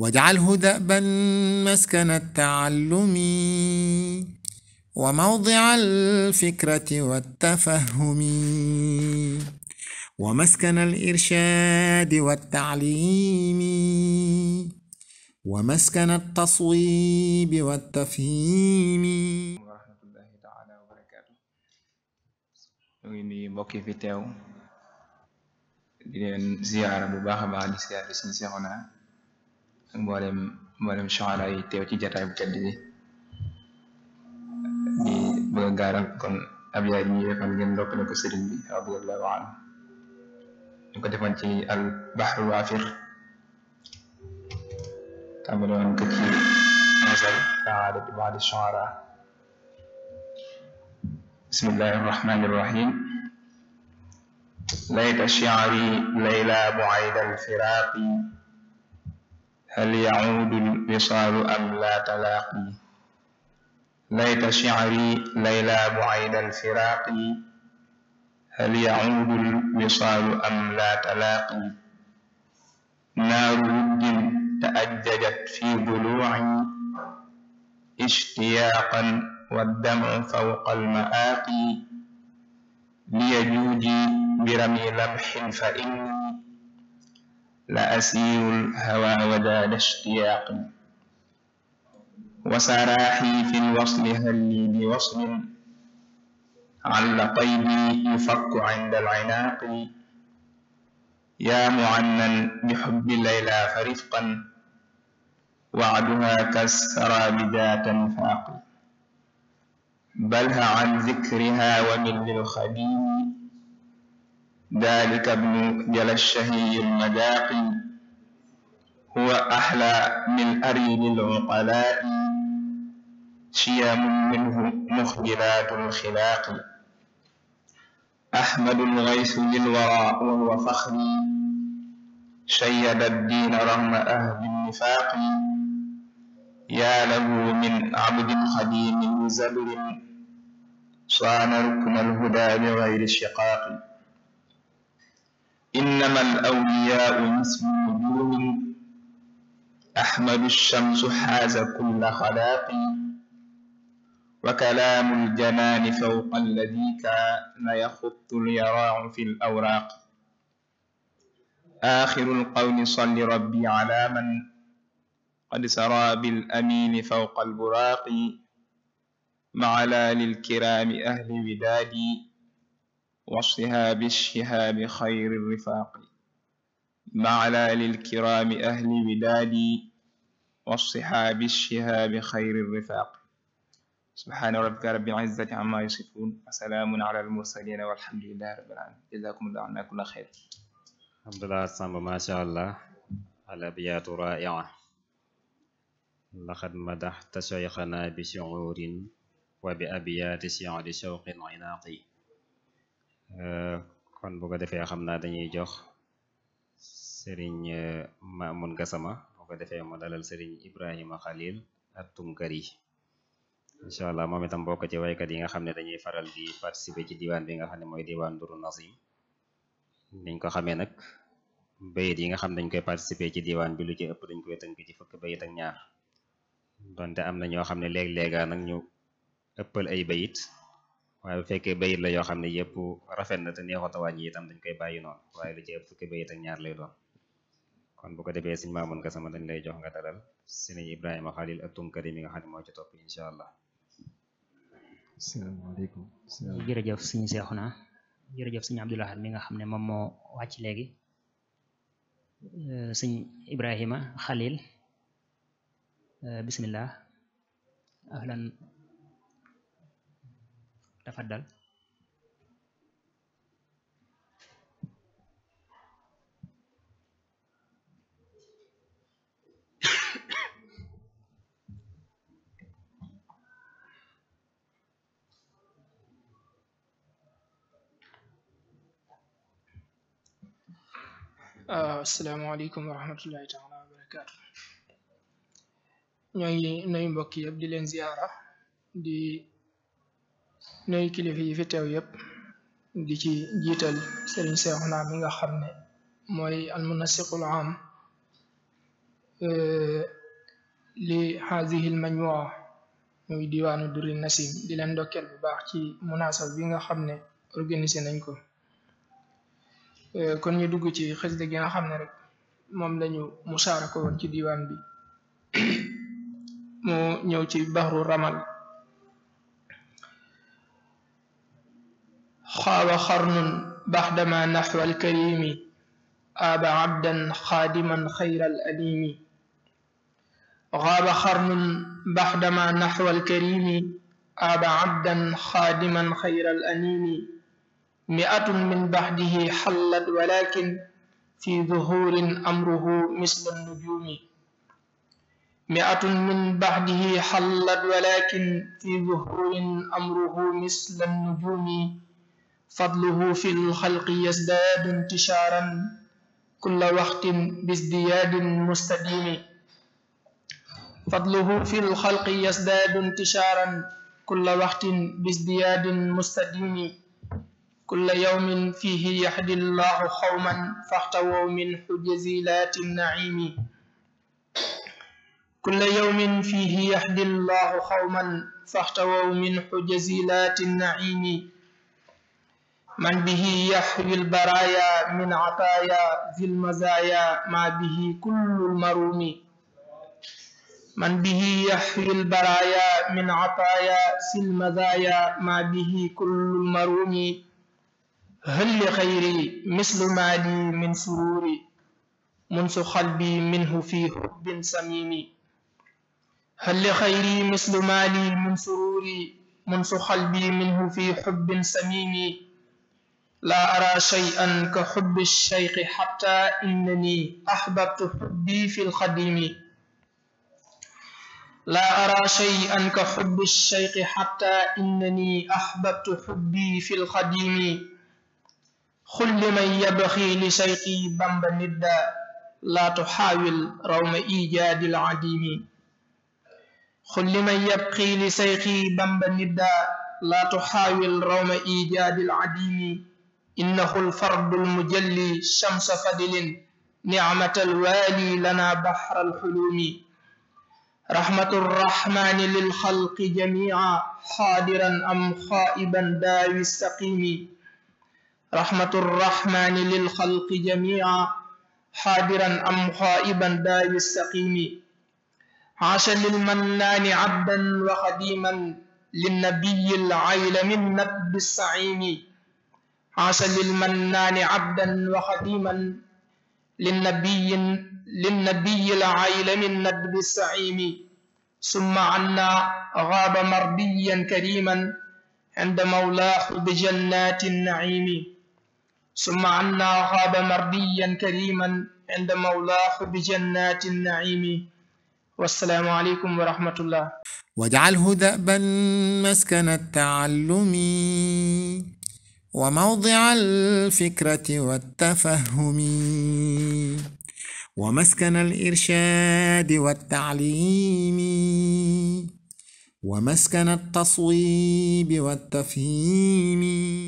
واجعله دأبا مسكن التعلم وموضع الفكرة والتفهم ومسكن الإرشاد والتعليم ومسكن التصويب والتفهيم ورحمة الله تعالى وبركاته نغني بوكي في تاو دي زيارة بباخ بعد سيارة سنسيغنا mboolem mboolem soxna yi teew ci jataay bu tedd di bëgg a gaaral kon ab yaay ñuy defal ngeen ndokkale ko sëriñ bi radiyallahu anhu ñu ko defal ci al baxru waafiq tàmbale woon ko ci masal taala baadi soxara bismillahi arrahmani irrahim layta shi'ri layla bu'ayda هل يعود الوصال أم لا تلاقي ليت شعري ليلى بعيد الفراق هل يعود الوصال أم لا تلاقي نار ود تأججت في ضلوعي اشتياقا والدمع فوق المآقي ليجوجي برمي لمح فإني la asiirul hawa wadaada ishtiyaaqin wasaraaxi fi lwasli halli bi waslin alla qaydi yufakku inda alcinaaqi yaa mucannan bixubbi layla fa rifqan wacduha kasaraabi daatan faaqi balha can dikriha wa min lilxadiimi dalika bnu jala shahiyu lmadaaqi huwa axla min aryili luqalaai siyaamun minhu muxjilaatu lxilaaqi axmadu lgaysu lilwara wahuwa faxri shayyada ddiina rahma ahli nifaaqi yaa lahu min abdin xadimin zabrin saana rukna alhuda bi gayri shiqaaqi إنما الأولياء نسب نجوم أحمد الشمس حاز كل خلاق وكلام الجنان فوق الذي كان يخط اليراع في الأوراق آخر القول صل ربي على من قد سرى بالأمين فوق البراق مع لال الكرام أهل ودادي واصطهاب الشهاب خير الرفاق مع لال الكرام أهل ودادي واصطحاب الشهاب خير الرفاق سبحان ربك رب العزة عما يصفون وسلام على المرسلين والحمد لله رب العالمين جزاكم الله عنا كل خير الحمد لله سامب ما شاء الله الأبيات رائعة لقد مدحت شيخنا بشعور وبأبيات شعر شوق عناقي Euh, kon bu ko defee xam naa dañuy jox sëriñ euh, nga sama boo ko defee mu dalal sëriñ Ibrahima Khalil at-Tunkari incha allah moom itam bokk ci waykat yi nga xam ne dañuy faral di participer ci diwaan bi nga xam ne mooy diwaan Duru Nazim niñ ko xamee nag bayit yi nga xam dañ koy participer ci diwaan bi lu ci ëpp dañ koy tënk ci fukk bayit ak ñaar donte am na ñoo xam ne léeg-léegaa nag ñu ëppal ay bayit waaye bu fekkee bayit la yoo xam ne yëpp rafet na te neexut a wàññi itam dañ koy bàyyi noonu waaye lu ci ëpp fukki bayit ak ñaar lay doon kon bu ko defee sëñ Maamun sama dañ lay jox nga dalal sëñ Ibrahima Xalil ak Tunkari mi nga xam ne moo ci topp incha allah. asalaamaaleykum. jërëjëf sëñ Seexuna jërëjëf sëñ Abdul Ahad mi nga xam ne moom moo wàcc léegi euh, sëñ Ibrahima Xalil euh, bismillah تفضل ah, asalaamaaleykum wa rahmatullahi taala wa barakaatu ñoo ngi nuyu mbokk yëpp leen ziyaara di nuyu kilifa yi fi teew yëpp di ci jiital Serigne Cheikhouna mi nga xam ne mooy almunasiqul am eh, li haadihi al majmua muy diwaanu Duri Nasim di leen ndokkeel bu baax ci munaasab bi nga xam ne organisé nañ ko eh, kon ñu dugg ci xasida gi nga xam ne rek moom lañu musaarako ci diwaan bi mu ñëw ci baxru ramal xaaba xarnun baxdama naxwa alkarimi aaba cabdan xaadiman xayra alalimi xaaba xarnun baxdama naxwa alkarimi aaba cabdan xaadiman xayra alanimi mi'atun min baxdihi xallat walakin fi duhurin amruhu misla nujumi مئة من بعده حلت ولكن في ظهور أمره مثل النجوم fadluhu fi lxalqi yasdaadu intishaaran kulla waxtin bizdiyaadin mustadiimi fadluhu fi lxalqi yasdaadu intishaaran kulla waxtin bizdiyaadin mustadiimi kulla yawmin fiihi yaxdi llaahu xawman faxtawow min xujazilaati nnaciimi kulla yawmin fiihi yaxdi llaahu xawman faxtawow min xujazilaati nnaciimi من به يحوي البرايا من عطايا ذي المزايا ما به كل المروم من به يحوي البرايا من عطايا ذي المزايا ما به كل المروم هل لخيري مثل ما لي من سروري منذ قلبي منه في حب سميم هل لخيري مثل ما لي من سروري منذ قلبي منه في حب سميم laa araa shay'an ka xubbi shayxi xatta innani axbabtu xubbi fi lxadimi laa araa shay'an ka xubbi shayxi xatta innani axbabtu xubbi fi lxadimi xul liman yabxi li shayxi bamba nidda laa tuxaawil rawma ijaadi lcadimi xul liman yabxi li shayxi bamba nidda laa tuxaawil rawma ijaadi lcadimi إنه الفرد المجلي شمس فدل نعمة الوالي لنا بحر الحلوم رحمة الرحمن للخلق جميعا حاضرا أم خائبا داوي السقيم رحمة الرحمن للخلق جميعا حاضرا أم خائبا داوي السقيم عاش للمنان عبدا وخديما للنبي العيل من نب السعيم عاش للمنان عبدا وخديما للنبي للنبي العيلم الندب السعيم ثم عنا غاب مربيا كريما عند مولاه بجنات النعيم ثم عنا غاب مربيا كريما عند مولاه بجنات النعيم والسلام عليكم ورحمة الله واجعله دأبا مسكن التعلم وموضع الفكرة والتفهم ومسكن الإرشاد والتعليم ومسكن التصويب والتفهيم